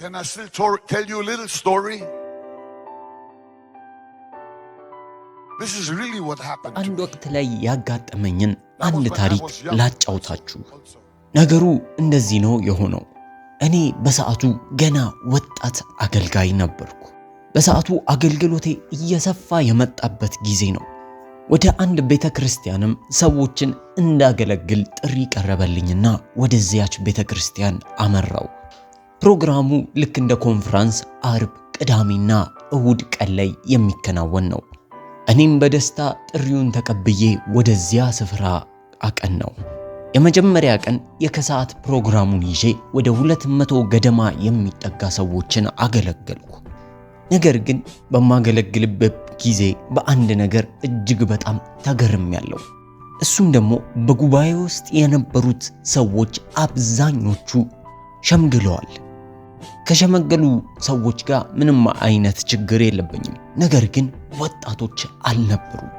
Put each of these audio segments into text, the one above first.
Can I still tell you a little story? አንድ ወቅት ላይ ያጋጠመኝን አንድ ታሪክ ላጫውታችሁ። ነገሩ እንደዚህ ነው የሆነው። እኔ በሰዓቱ ገና ወጣት አገልጋይ ነበርኩ። በሰዓቱ አገልግሎቴ እየሰፋ የመጣበት ጊዜ ነው። ወደ አንድ ቤተ ክርስቲያንም ሰዎችን እንዳገለግል ጥሪ ቀረበልኝና ወደዚያች ቤተ ክርስቲያን አመራው። ፕሮግራሙ ልክ እንደ ኮንፈረንስ፣ አርብ፣ ቅዳሜና እሁድ ቀን ላይ የሚከናወን ነው። እኔም በደስታ ጥሪውን ተቀብዬ ወደዚያ ስፍራ ነው። የመጀመሪያ ቀን የከሰዓት ፕሮግራሙን ይዤ ወደ ሁለት መቶ ገደማ የሚጠጋ ሰዎችን አገለገልኩ። ነገር ግን በማገለግልበት ጊዜ በአንድ ነገር እጅግ በጣም ያለው። እሱም ደግሞ በጉባኤ ውስጥ የነበሩት ሰዎች አብዛኞቹ ሸምግለዋል። ከሸመገሉ ሰዎች ጋር ምንም አይነት ችግር የለብኝም። ነገር ግን ወጣቶች አልነበሩም።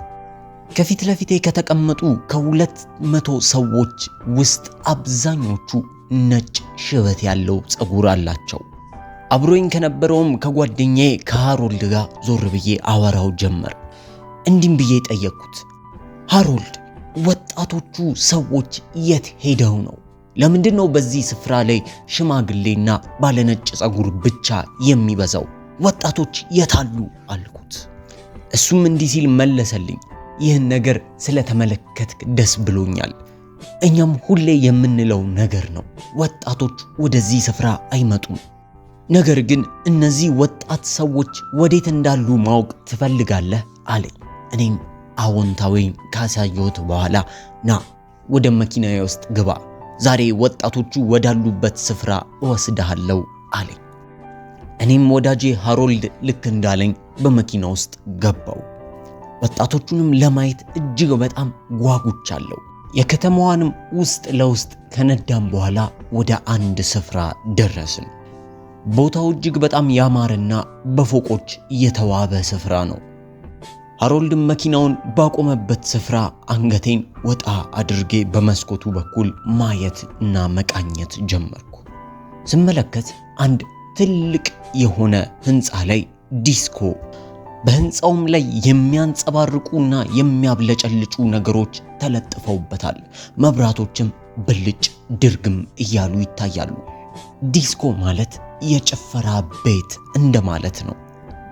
ከፊት ለፊቴ ከተቀመጡ ከሁለት መቶ ሰዎች ውስጥ አብዛኞቹ ነጭ ሽበት ያለው ፀጉር አላቸው። አብሮኝ ከነበረውም ከጓደኛዬ ከሃሮልድ ጋር ዞር ብዬ አወራው ጀመር። እንዲህም ብዬ ጠየቅኩት፣ ሃሮልድ ወጣቶቹ ሰዎች የት ሄደው ነው? ለምንድን ነው በዚህ ስፍራ ላይ ሽማግሌና ባለነጭ ጸጉር ብቻ የሚበዛው? ወጣቶች የታሉ አልኩት። እሱም እንዲህ ሲል መለሰልኝ፣ ይህን ነገር ስለተመለከትክ ደስ ብሎኛል። እኛም ሁሌ የምንለው ነገር ነው፣ ወጣቶች ወደዚህ ስፍራ አይመጡም። ነገር ግን እነዚህ ወጣት ሰዎች ወዴት እንዳሉ ማወቅ ትፈልጋለህ አለኝ። እኔም አዎንታዊ ካሳየሁት በኋላ ና ወደ መኪናዬ ውስጥ ግባ ዛሬ ወጣቶቹ ወዳሉበት ስፍራ እወስድሃለሁ አለኝ። እኔም ወዳጄ ሃሮልድ ልክ እንዳለኝ በመኪና ውስጥ ገባው። ወጣቶቹንም ለማየት እጅግ በጣም ጓጉቻለሁ። የከተማዋንም ውስጥ ለውስጥ ከነዳም በኋላ ወደ አንድ ስፍራ ደረስን። ቦታው እጅግ በጣም ያማረና በፎቆች የተዋበ ስፍራ ነው። ሃሮልድም መኪናውን ባቆመበት ስፍራ አንገቴን ወጣ አድርጌ በመስኮቱ በኩል ማየት እና መቃኘት ጀመርኩ። ስመለከት አንድ ትልቅ የሆነ ህንፃ ላይ ዲስኮ በህንፃውም ላይ የሚያንጸባርቁና የሚያብለጨልጩ ነገሮች ተለጥፈውበታል። መብራቶችም ብልጭ ድርግም እያሉ ይታያሉ። ዲስኮ ማለት የጭፈራ ቤት እንደማለት ነው።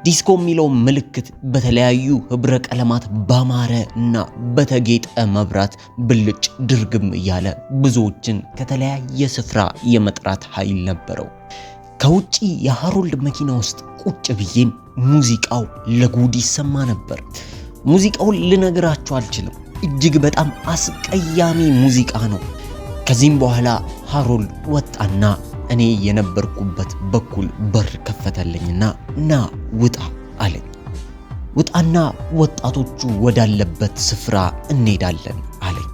ዲስኮ የሚለው ምልክት በተለያዩ ህብረ ቀለማት ባማረ እና በተጌጠ መብራት ብልጭ ድርግም እያለ ብዙዎችን ከተለያየ ስፍራ የመጥራት ኃይል ነበረው። ከውጪ የሃሮልድ መኪና ውስጥ ቁጭ ብዬም ሙዚቃው ለጉድ ይሰማ ነበር። ሙዚቃውን ልነግራችሁ አልችልም። እጅግ በጣም አስቀያሚ ሙዚቃ ነው። ከዚህም በኋላ ሃሮልድ ወጣና እኔ የነበርኩበት በኩል በር ከፈተልኝና ና ውጣ አለኝ። ውጣና ወጣቶቹ ወዳለበት ስፍራ እንሄዳለን አለኝ።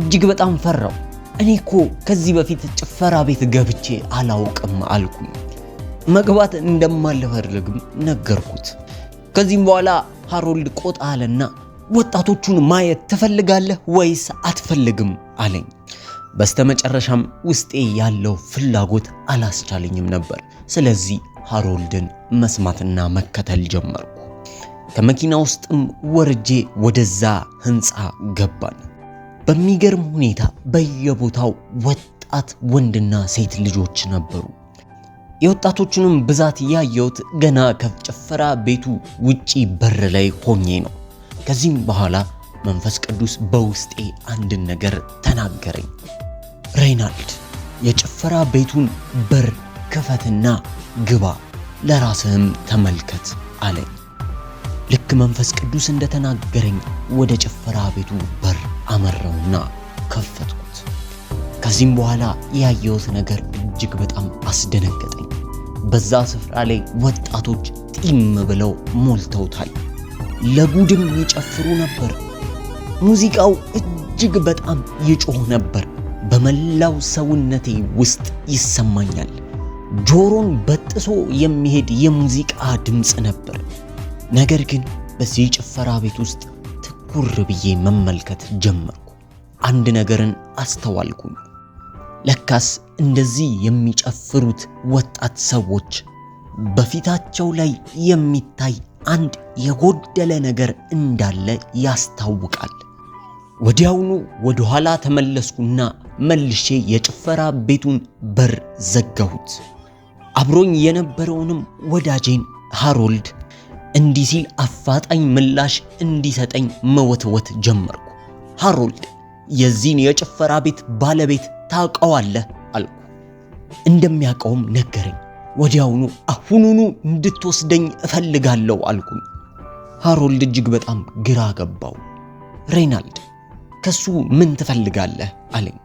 እጅግ በጣም ፈራው። እኔ እኮ ከዚህ በፊት ጭፈራ ቤት ገብቼ አላውቅም አልኩም። መግባት እንደማልፈልግም ነገርኩት። ከዚህም በኋላ ሃሮልድ ቆጣ አለና ወጣቶቹን ማየት ትፈልጋለህ ወይስ አትፈልግም አለኝ። በስተመጨረሻም ውስጤ ያለው ፍላጎት አላስቻለኝም ነበር። ስለዚህ ሃሮልድን መስማትና መከተል ጀመርኩ። ከመኪና ውስጥም ወርጄ ወደዛ ህንፃ ገባን። በሚገርም ሁኔታ በየቦታው ወጣት ወንድና ሴት ልጆች ነበሩ። የወጣቶቹንም ብዛት ያየሁት ገና ከጭፈራ ቤቱ ውጪ በር ላይ ሆኜ ነው። ከዚህም በኋላ መንፈስ ቅዱስ በውስጤ አንድን ነገር ተናገረኝ። ሬይናልድ የጭፈራ ቤቱን በር ክፈትና ግባ፣ ለራስህም ተመልከት አለኝ። ልክ መንፈስ ቅዱስ እንደተናገረኝ ወደ ጭፈራ ቤቱ በር አመራውና ከፈትኩት። ከዚህም በኋላ ያየሁት ነገር እጅግ በጣም አስደነገጠኝ። በዛ ስፍራ ላይ ወጣቶች ጢም ብለው ሞልተውታል። ለጉድም ይጨፍሩ ነበር። ሙዚቃው እጅግ በጣም ይጮህ ነበር። በመላው ሰውነቴ ውስጥ ይሰማኛል። ጆሮን በጥሶ የሚሄድ የሙዚቃ ድምፅ ነበር። ነገር ግን በዚህ ጭፈራ ቤት ውስጥ ትኩር ብዬ መመልከት ጀመርኩ። አንድ ነገርን አስተዋልኩኝ። ለካስ እንደዚህ የሚጨፍሩት ወጣት ሰዎች በፊታቸው ላይ የሚታይ አንድ የጎደለ ነገር እንዳለ ያስታውቃል። ወዲያውኑ ወደ ኋላ ተመለስኩና መልሼ የጭፈራ ቤቱን በር ዘጋሁት። አብሮኝ የነበረውንም ወዳጄን ሃሮልድ እንዲህ ሲል አፋጣኝ ምላሽ እንዲሰጠኝ መወትወት ጀመርኩ። ሃሮልድ የዚህን የጭፈራ ቤት ባለቤት ታውቀዋለህ? አልኩ። እንደሚያውቀውም ነገረኝ። ወዲያውኑ አሁኑኑ እንድትወስደኝ እፈልጋለሁ አልኩኝ። ሃሮልድ እጅግ በጣም ግራ ገባው። ሬይናልድ ከሱ ምን ትፈልጋለህ አለኝ።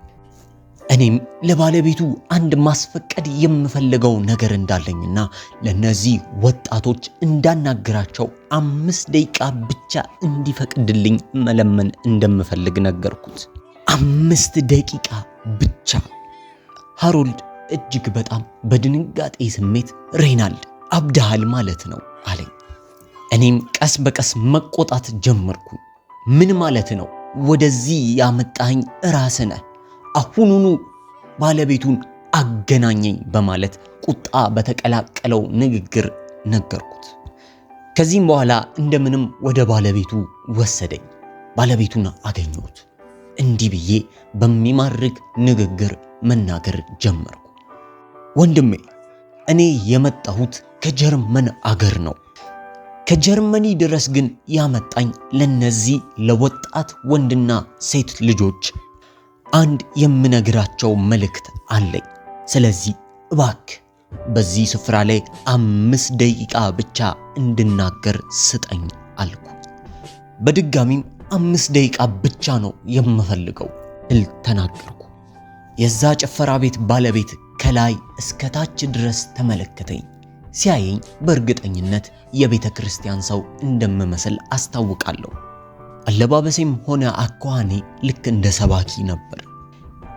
እኔም ለባለቤቱ አንድ ማስፈቀድ የምፈልገው ነገር እንዳለኝና ለእነዚህ ወጣቶች እንዳናግራቸው አምስት ደቂቃ ብቻ እንዲፈቅድልኝ መለመን እንደምፈልግ ነገርኩት። አምስት ደቂቃ ብቻ። ሃሮልድ እጅግ በጣም በድንጋጤ ስሜት ሬናልድ አብዳሃል ማለት ነው አለኝ። እኔም ቀስ በቀስ መቆጣት ጀመርኩ። ምን ማለት ነው ወደዚህ ያመጣኝ ራስ ነህ፣ አሁኑኑ ባለቤቱን አገናኘኝ በማለት ቁጣ በተቀላቀለው ንግግር ነገርኩት። ከዚህም በኋላ እንደምንም ወደ ባለቤቱ ወሰደኝ። ባለቤቱን አገኘሁት። እንዲህ ብዬ በሚማርክ ንግግር መናገር ጀመርኩ። ወንድሜ እኔ የመጣሁት ከጀርመን አገር ነው። ከጀርመኒ ድረስ ግን ያመጣኝ ለነዚህ ለወጣት ወንድና ሴት ልጆች አንድ የምነግራቸው መልእክት አለኝ። ስለዚህ እባክ በዚህ ስፍራ ላይ አምስት ደቂቃ ብቻ እንድናገር ስጠኝ አልኩ። በድጋሚም አምስት ደቂቃ ብቻ ነው የምፈልገው ስል ተናገርኩ። የዛ ጭፈራ ቤት ባለቤት ከላይ እስከታች ድረስ ተመለከተኝ። ሲያየኝ በእርግጠኝነት የቤተ ክርስቲያን ሰው እንደምመስል አስታውቃለሁ። አለባበሴም ሆነ አኳኋኔ ልክ እንደ ሰባኪ ነበር።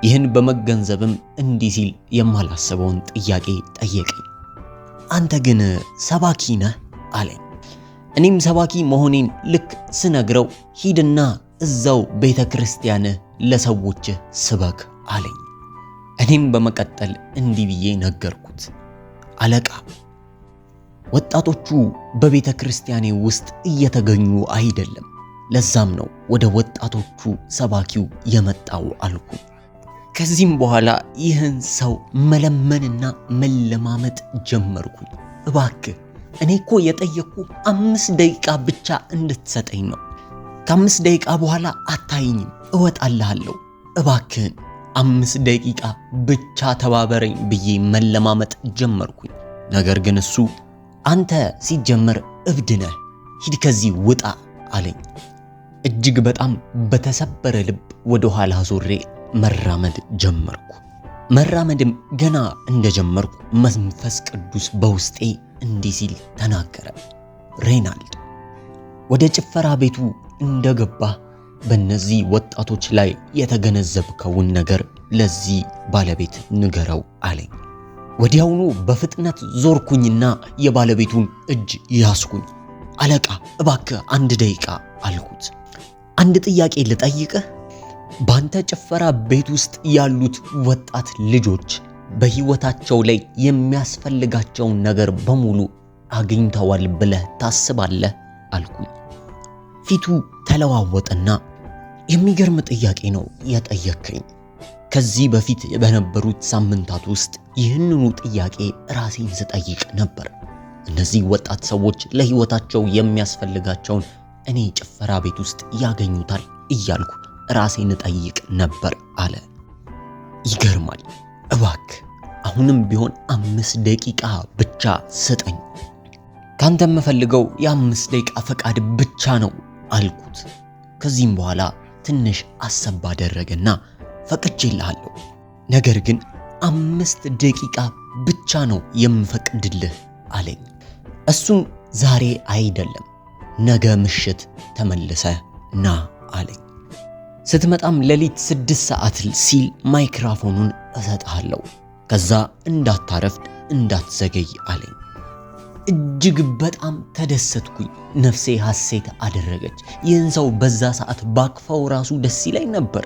ይህን በመገንዘብም እንዲህ ሲል የማላስበውን ጥያቄ ጠየቀኝ። አንተ ግን ሰባኪ ነህ አለኝ። እኔም ሰባኪ መሆኔን ልክ ስነግረው ሂድና እዛው ቤተ ክርስቲያንህ ለሰዎችህ ስበክ አለኝ። እኔም በመቀጠል እንዲህ ብዬ ነገርኩት። አለቃ ወጣቶቹ በቤተ ክርስቲያኔ ውስጥ እየተገኙ አይደለም። ለዛም ነው ወደ ወጣቶቹ ሰባኪው የመጣው አልኩ። ከዚህም በኋላ ይህን ሰው መለመንና መለማመጥ ጀመርኩኝ። እባክህ እኔ እኮ የጠየቅኩ አምስት ደቂቃ ብቻ እንድትሰጠኝ ነው። ከአምስት ደቂቃ በኋላ አታይኝም፣ እወጣልሃለሁ። እባክህን አምስት ደቂቃ ብቻ ተባበረኝ ብዬ መለማመጥ ጀመርኩኝ። ነገር ግን እሱ አንተ ሲጀመር እብድ ነህ፣ ሂድ ከዚህ ውጣ አለኝ። እጅግ በጣም በተሰበረ ልብ ወደ ኋላ ዞሬ መራመድ ጀመርኩ። መራመድም ገና እንደጀመርኩ መንፈስ ቅዱስ በውስጤ እንዲህ ሲል ተናገረ። ሬናልድ ወደ ጭፈራ ቤቱ እንደገባ በእነዚህ ወጣቶች ላይ የተገነዘብከውን ነገር ለዚህ ባለቤት ንገረው አለኝ። ወዲያውኑ በፍጥነት ዞርኩኝና የባለቤቱን እጅ ያስኩኝ። አለቃ እባክህ አንድ ደቂቃ አልኩት። አንድ ጥያቄ ልጠይቅህ፣ ባንተ ጭፈራ ቤት ውስጥ ያሉት ወጣት ልጆች በህይወታቸው ላይ የሚያስፈልጋቸውን ነገር በሙሉ አግኝተዋል ብለህ ታስባለህ? አልኩኝ። ፊቱ ተለዋወጠና የሚገርም ጥያቄ ነው የጠየከኝ ከዚህ በፊት በነበሩት ሳምንታት ውስጥ ይህንኑ ጥያቄ ራሴን ስጠይቅ ነበር። እነዚህ ወጣት ሰዎች ለሕይወታቸው የሚያስፈልጋቸውን እኔ ጭፈራ ቤት ውስጥ ያገኙታል እያልኩ ራሴን እጠይቅ ነበር አለ። ይገርማል። እባክ አሁንም ቢሆን አምስት ደቂቃ ብቻ ስጠኝ። ካንተ የምፈልገው የአምስት ደቂቃ ፈቃድ ብቻ ነው አልኩት። ከዚህም በኋላ ትንሽ አሰብ አደረገና ፈቅጄልሃለሁ። ነገር ግን አምስት ደቂቃ ብቻ ነው የምፈቅድልህ አለኝ። እሱም ዛሬ አይደለም ነገ ምሽት ተመልሰ ና አለኝ። ስትመጣም ሌሊት ስድስት ሰዓት ሲል ማይክራፎኑን እሰጥሃለሁ፣ ከዛ እንዳታረፍድ እንዳትዘገይ አለኝ። እጅግ በጣም ተደሰትኩኝ። ነፍሴ ሐሴት አደረገች። ይህን ሰው በዛ ሰዓት ባክፈው ራሱ ደስ ይለኝ ነበር።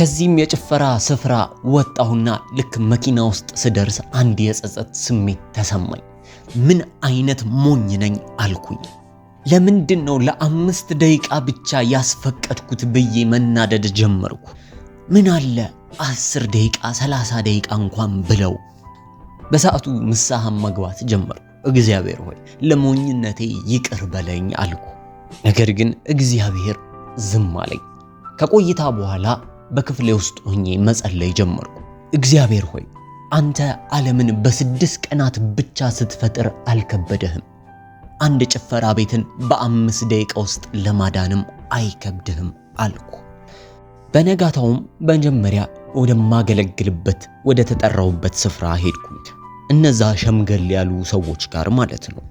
ከዚህም የጭፈራ ስፍራ ወጣሁና ልክ መኪና ውስጥ ስደርስ አንድ የጸጸት ስሜት ተሰማኝ። ምን አይነት ሞኝ ነኝ አልኩኝ። ለምንድን ነው ለአምስት ደቂቃ ብቻ ያስፈቀድኩት ብዬ መናደድ ጀመርኩ። ምን አለ አስር ደቂቃ ሰላሳ ደቂቃ እንኳን ብለው። በሰዓቱ ምሳሐም መግባት ጀመርኩ። እግዚአብሔር ሆይ ለሞኝነቴ ይቅር በለኝ አልኩ። ነገር ግን እግዚአብሔር ዝም አለኝ። ከቆይታ በኋላ በክፍሌ ውስጥ ሆኜ መጸለይ ጀመርኩ። እግዚአብሔር ሆይ አንተ ዓለምን በስድስት ቀናት ብቻ ስትፈጥር አልከበደህም። አንድ ጭፈራ ቤትን በአምስት ደቂቃ ውስጥ ለማዳንም አይከብድህም አልኩ። በነጋታውም መጀመሪያ ወደማገለግልበት ወደ ተጠራውበት ስፍራ ሄድኩ። እነዛ ሸምገል ያሉ ሰዎች ጋር ማለት ነው።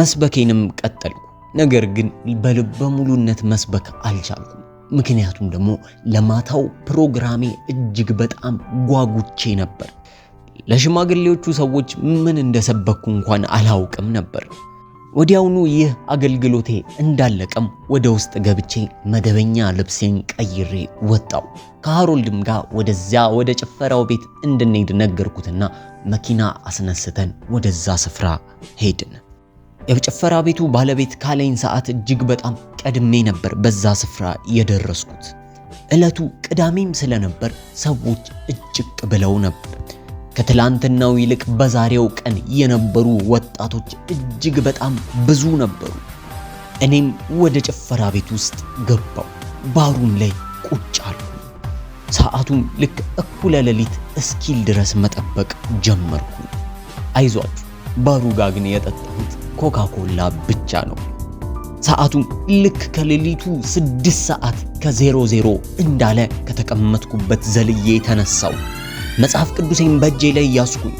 መስበኬንም ቀጠልኩ። ነገር ግን በልበ ሙሉነት መስበክ አልቻልኩም። ምክንያቱም ደግሞ ለማታው ፕሮግራሜ እጅግ በጣም ጓጉቼ ነበር። ለሽማግሌዎቹ ሰዎች ምን እንደሰበኩ እንኳን አላውቅም ነበር። ወዲያውኑ ይህ አገልግሎቴ እንዳለቀም ወደ ውስጥ ገብቼ መደበኛ ልብሴን ቀይሬ ወጣው። ከሃሮልድም ጋር ወደዚያ ወደ ጭፈራው ቤት እንድንሄድ ነገርኩትና መኪና አስነስተን ወደዛ ስፍራ ሄድን። የጭፈራ ቤቱ ባለቤት ካለኝ ሰዓት እጅግ በጣም ቀድሜ ነበር በዛ ስፍራ የደረስኩት። ዕለቱ ቅዳሜም ስለነበር ሰዎች እጭቅ ብለው ነበር። ከትላንትናው ይልቅ በዛሬው ቀን የነበሩ ወጣቶች እጅግ በጣም ብዙ ነበሩ። እኔም ወደ ጭፈራ ቤት ውስጥ ገባው። ባሩም ላይ ቁጭ አልኩ። ሰዓቱም ልክ እኩለ ሌሊት እስኪል ድረስ መጠበቅ ጀመርኩ። አይዟችሁ ባሩጋ ግን የጠጣሁት ኮካ ኮላ ብቻ ነው። ሰዓቱም ልክ ከሌሊቱ ስድስት ሰዓት ከዜሮ ዜሮ እንዳለ ከተቀመጥኩበት ዘልዬ ተነሳው። መጽሐፍ ቅዱሴን በእጄ ላይ ያስኩኝ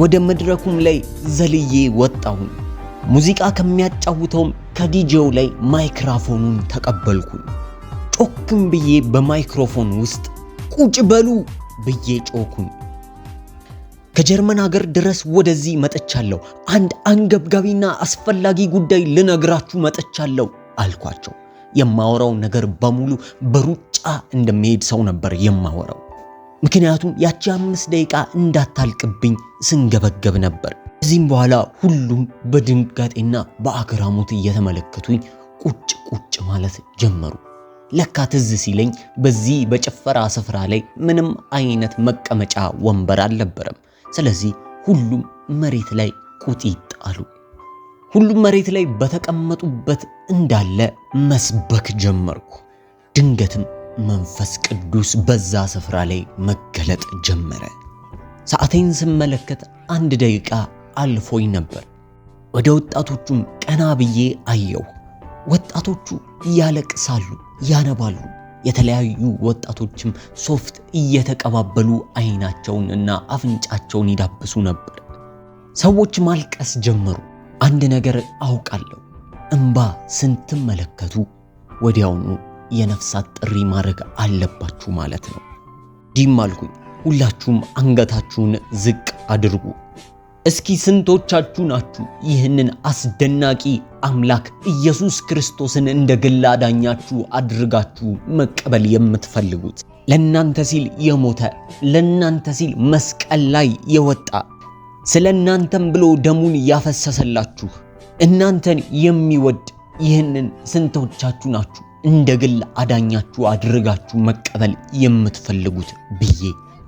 ወደ መድረኩም ላይ ዘልዬ ወጣሁኝ። ሙዚቃ ከሚያጫውተውም ከዲጄው ላይ ማይክራፎኑን ተቀበልኩኝ። ጮክም ብዬ በማይክሮፎን ውስጥ ቁጭ በሉ ብዬ ጮኩኝ። ከጀርመን ሀገር ድረስ ወደዚህ መጥቻለሁ። አንድ አንገብጋቢና አስፈላጊ ጉዳይ ልነግራችሁ መጥቻለሁ አልኳቸው። የማወራው ነገር በሙሉ በሩጫ እንደሚሄድ ሰው ነበር የማወራው። ምክንያቱም ያቺ አምስት ደቂቃ እንዳታልቅብኝ ስንገበገብ ነበር። ከዚህም በኋላ ሁሉም በድንጋጤና በአግራሞት እየተመለከቱኝ ቁጭ ቁጭ ማለት ጀመሩ። ለካ ትዝ ሲለኝ በዚህ በጭፈራ ስፍራ ላይ ምንም አይነት መቀመጫ ወንበር አልነበረም። ስለዚህ ሁሉም መሬት ላይ ቁጥ ይጣሉ። ሁሉም መሬት ላይ በተቀመጡበት እንዳለ መስበክ ጀመርኩ። ድንገትም መንፈስ ቅዱስ በዛ ስፍራ ላይ መገለጥ ጀመረ። ሰዓቴን ስመለከት አንድ ደቂቃ አልፎኝ ነበር። ወደ ወጣቶቹም ቀና ብዬ አየሁ። ወጣቶቹ ያለቅሳሉ፣ ያነባሉ። የተለያዩ ወጣቶችም ሶፍት እየተቀባበሉ አይናቸውንና አፍንጫቸውን ይዳብሱ ነበር። ሰዎች ማልቀስ ጀመሩ። አንድ ነገር አውቃለሁ። እምባ ስንትመለከቱ ወዲያውኑ የነፍሳት ጥሪ ማድረግ አለባችሁ ማለት ነው። ዲም አልኩኝ። ሁላችሁም አንገታችሁን ዝቅ አድርጉ። እስኪ ስንቶቻችሁ ናችሁ ይህንን አስደናቂ አምላክ ኢየሱስ ክርስቶስን እንደ ግል አዳኛችሁ አድርጋችሁ መቀበል የምትፈልጉት? ለእናንተ ሲል የሞተ ለእናንተ ሲል መስቀል ላይ የወጣ ስለ እናንተም ብሎ ደሙን ያፈሰሰላችሁ እናንተን የሚወድ ይህንን ስንቶቻችሁ ናችሁ እንደ ግል አዳኛችሁ አድርጋችሁ መቀበል የምትፈልጉት ብዬ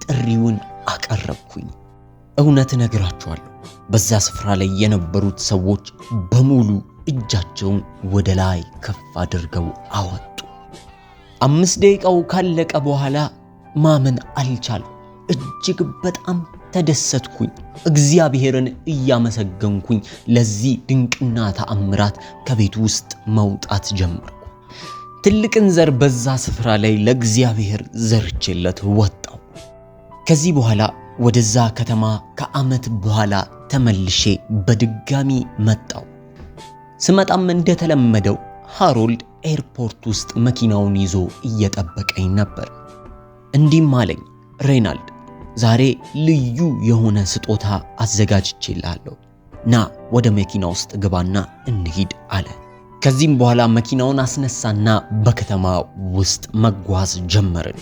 ጥሪውን አቀረብኩኝ። እውነት እነግራችኋለሁ፣ በዛ ስፍራ ላይ የነበሩት ሰዎች በሙሉ እጃቸውን ወደ ላይ ከፍ አድርገው አወጡ። አምስት ደቂቃው ካለቀ በኋላ ማመን አልቻል። እጅግ በጣም ተደሰትኩኝ። እግዚአብሔርን እያመሰገንኩኝ ለዚህ ድንቅና ተአምራት ከቤት ውስጥ መውጣት ጀመርኩ። ትልቅን ዘር በዛ ስፍራ ላይ ለእግዚአብሔር ዘርቼለት ወጣው። ከዚህ በኋላ ወደዛ ከተማ ከዓመት በኋላ ተመልሼ በድጋሚ መጣው። ስመጣም እንደተለመደው ሃሮልድ ኤርፖርት ውስጥ መኪናውን ይዞ እየጠበቀኝ ነበር። እንዲህም አለኝ፣ ሬናልድ ዛሬ ልዩ የሆነ ስጦታ አዘጋጅቼልሃለሁ፣ ና ወደ መኪና ውስጥ ግባና እንሂድ አለ። ከዚህም በኋላ መኪናውን አስነሳና በከተማ ውስጥ መጓዝ ጀመርን።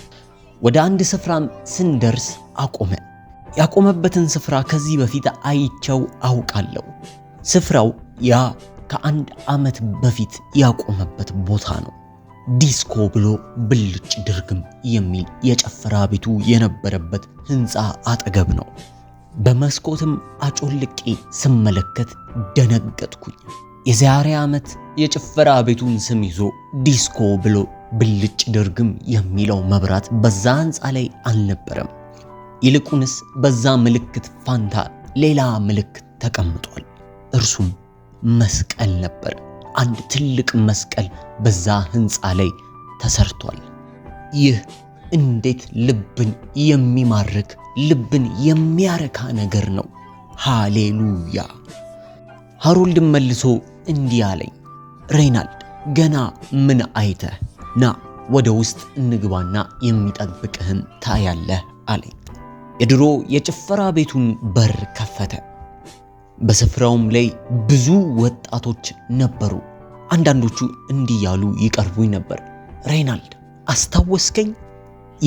ወደ አንድ ስፍራም ስንደርስ አቆመ። ያቆመበትን ስፍራ ከዚህ በፊት አይቸው አውቃለሁ። ስፍራው ያ ከአንድ ዓመት በፊት ያቆመበት ቦታ ነው። ዲስኮ ብሎ ብልጭ ድርግም የሚል የጨፈራ ቤቱ የነበረበት ህንፃ አጠገብ ነው። በመስኮትም አጮልቄ ስመለከት ደነገጥኩኝ። የዛሬ ዓመት የጭፈራ ቤቱን ስም ይዞ ዲስኮ ብሎ ብልጭ ድርግም የሚለው መብራት በዛ ህንፃ ላይ አልነበረም። ይልቁንስ በዛ ምልክት ፋንታ ሌላ ምልክት ተቀምጧል። እርሱም መስቀል ነበር። አንድ ትልቅ መስቀል በዛ ህንፃ ላይ ተሰርቷል። ይህ እንዴት ልብን የሚማርክ ልብን የሚያረካ ነገር ነው! ሃሌሉያ! ሃሮልድ መልሶ እንዲህ አለኝ፣ ሬናልድ ገና ምን አይተህ? ና ወደ ውስጥ እንግባና የሚጠብቅህን ታያለህ አለኝ። የድሮ የጭፈራ ቤቱን በር ከፈተ። በስፍራውም ላይ ብዙ ወጣቶች ነበሩ። አንዳንዶቹ እንዲህ ያሉ ይቀርቡኝ ነበር፣ ሬይናልድ አስታወስከኝ?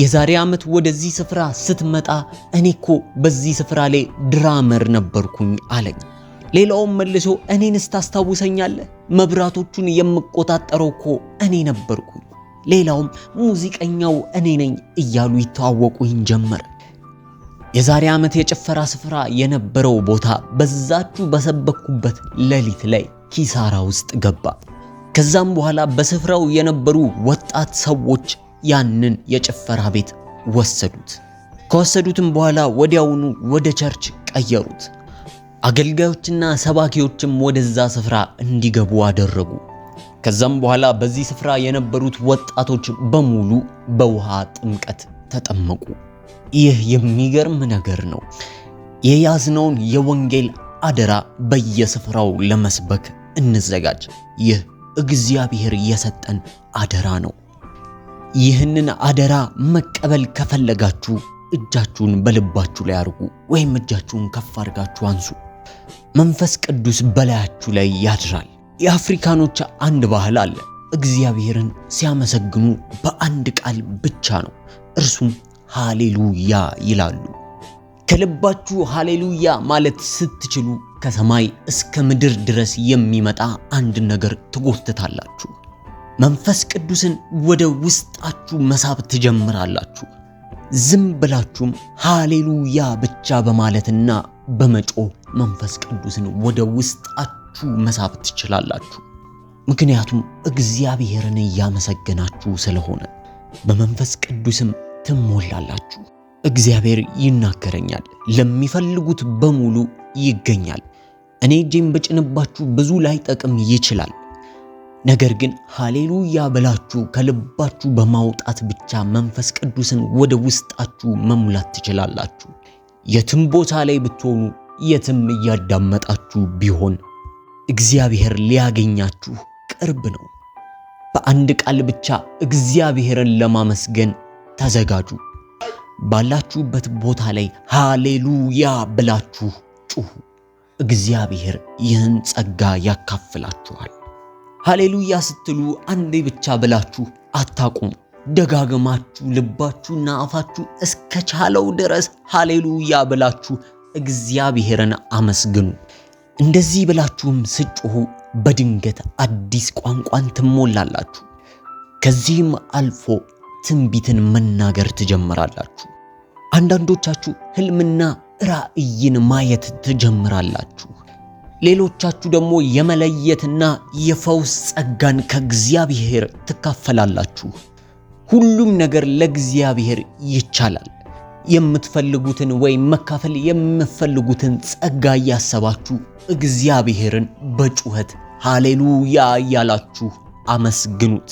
የዛሬ ዓመት ወደዚህ ስፍራ ስትመጣ እኔ እኮ በዚህ ስፍራ ላይ ድራመር ነበርኩኝ አለኝ። ሌላውም መልሶ እኔንስ ታስታውሰኛለህ? መብራቶቹን የምቆጣጠረው እኮ እኔ ነበርኩኝ። ሌላውም ሙዚቀኛው እኔ ነኝ እያሉ ይተዋወቁኝ ጀመር። የዛሬ ዓመት የጭፈራ ስፍራ የነበረው ቦታ በዛቹ በሰበኩበት ሌሊት ላይ ኪሳራ ውስጥ ገባ። ከዛም በኋላ በስፍራው የነበሩ ወጣት ሰዎች ያንን የጭፈራ ቤት ወሰዱት። ከወሰዱትም በኋላ ወዲያውኑ ወደ ቸርች ቀየሩት። አገልጋዮችና ሰባኪዎችም ወደዛ ስፍራ እንዲገቡ አደረጉ። ከዛም በኋላ በዚህ ስፍራ የነበሩት ወጣቶች በሙሉ በውሃ ጥምቀት ተጠመቁ። ይህ የሚገርም ነገር ነው። የያዝነውን የወንጌል አደራ በየስፍራው ለመስበክ እንዘጋጅ። ይህ እግዚአብሔር የሰጠን አደራ ነው። ይህንን አደራ መቀበል ከፈለጋችሁ እጃችሁን በልባችሁ ላይ አድርጉ፣ ወይም እጃችሁን ከፍ አድርጋችሁ አንሱ። መንፈስ ቅዱስ በላያችሁ ላይ ያድራል። የአፍሪካኖች አንድ ባህል አለ። እግዚአብሔርን ሲያመሰግኑ በአንድ ቃል ብቻ ነው፣ እርሱም ሃሌሉያ ይላሉ። ከልባችሁ ሃሌሉያ ማለት ስትችሉ ከሰማይ እስከ ምድር ድረስ የሚመጣ አንድ ነገር ትጎትታላችሁ። መንፈስ ቅዱስን ወደ ውስጣችሁ መሳብ ትጀምራላችሁ። ዝም ብላችሁም ሃሌሉያ ብቻ በማለትና በመጮ መንፈስ ቅዱስን ወደ ውስጣችሁ መሳብ ትችላላችሁ። ምክንያቱም እግዚአብሔርን እያመሰገናችሁ ስለሆነ በመንፈስ ቅዱስም ትሞላላችሁ። እግዚአብሔር ይናገረኛል፣ ለሚፈልጉት በሙሉ ይገኛል። እኔ እጄን በጭንባችሁ ብዙ ላይ ጠቅም ይችላል፣ ነገር ግን ሃሌሉያ ብላችሁ ከልባችሁ በማውጣት ብቻ መንፈስ ቅዱስን ወደ ውስጣችሁ መሙላት ትችላላችሁ። የትም ቦታ ላይ ብትሆኑ፣ የትም እያዳመጣችሁ ቢሆን እግዚአብሔር ሊያገኛችሁ ቅርብ ነው። በአንድ ቃል ብቻ እግዚአብሔርን ለማመስገን ተዘጋጁ። ባላችሁበት ቦታ ላይ ሃሌሉያ ብላችሁ ጩሁ። እግዚአብሔር ይህን ጸጋ ያካፍላችኋል። ሃሌሉያ ስትሉ አንዴ ብቻ ብላችሁ አታቁሙ። ደጋግማችሁ ልባችሁና አፋችሁ እስከቻለው ድረስ ሃሌሉያ ብላችሁ እግዚአብሔርን አመስግኑ። እንደዚህ ብላችሁም ስጩሁ፣ በድንገት አዲስ ቋንቋን ትሞላላችሁ። ከዚህም አልፎ ትንቢትን መናገር ትጀምራላችሁ። አንዳንዶቻችሁ ህልምና ራእይን ማየት ትጀምራላችሁ። ሌሎቻችሁ ደግሞ የመለየትና የፈውስ ጸጋን ከእግዚአብሔር ትካፈላላችሁ። ሁሉም ነገር ለእግዚአብሔር ይቻላል። የምትፈልጉትን ወይም መካፈል የምትፈልጉትን ጸጋ እያሰባችሁ እግዚአብሔርን በጩኸት ሃሌሉያ እያላችሁ አመስግኑት።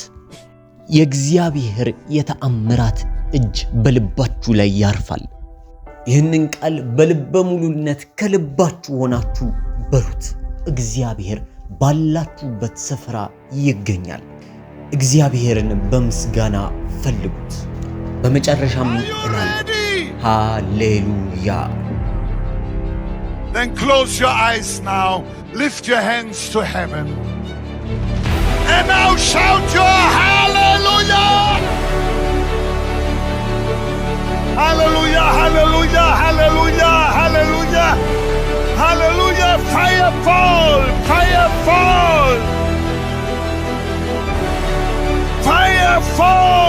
የእግዚአብሔር የተአምራት እጅ በልባችሁ ላይ ያርፋል። ይህንን ቃል በልበ ሙሉነት ከልባችሁ ሆናችሁ በሉት። እግዚአብሔር ባላችሁበት ስፍራ ይገኛል። እግዚአብሔርን በምስጋና ፈልጉት። በመጨረሻም እናል ሃሌሉያ። Then close your eyes now. Lift your hands to heaven. them Shout your hallelujah! Hallelujah, hallelujah, hallelujah, hallelujah, hallelujah. Fire fall, fire fall, fire fall.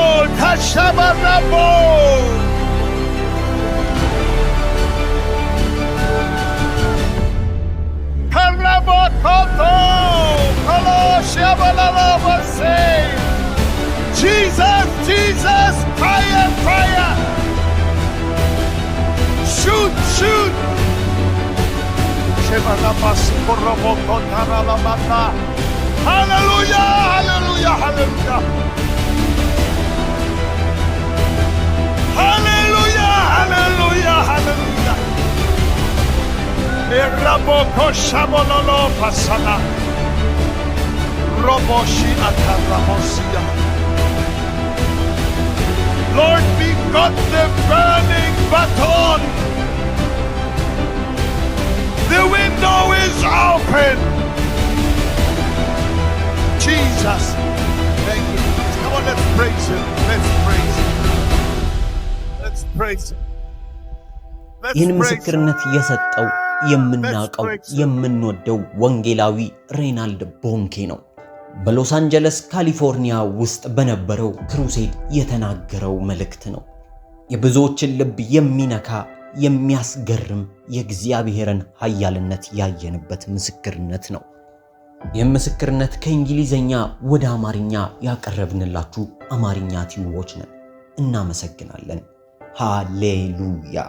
Jesus, Jesus, fire, fire. Shoot, shoot. Hallelujah, hallelujah, hallelujah. Hallelujah, hallelujah, hallelujah. Miraboko shabololo pasana. Roboshi Atarabosia. Lord, we got the burning baton. The window is open. Jesus. Thank you. Come on, let's praise him. Let's praise him. Let's praise him. ይህን ምስክርነት የሰጠው የምናውቀው የምንወደው ወንጌላዊ ሬናልድ ቦንኬ ነው። በሎስ አንጀለስ ካሊፎርኒያ ውስጥ በነበረው ክሩሴድ የተናገረው መልእክት ነው። የብዙዎችን ልብ የሚነካ የሚያስገርም የእግዚአብሔርን ኃያልነት ያየንበት ምስክርነት ነው። ይህም ምስክርነት ከእንግሊዘኛ ወደ አማርኛ ያቀረብንላችሁ አማርኛ ቲዩቦች ነን። እናመሰግናለን። ሃሌሉያ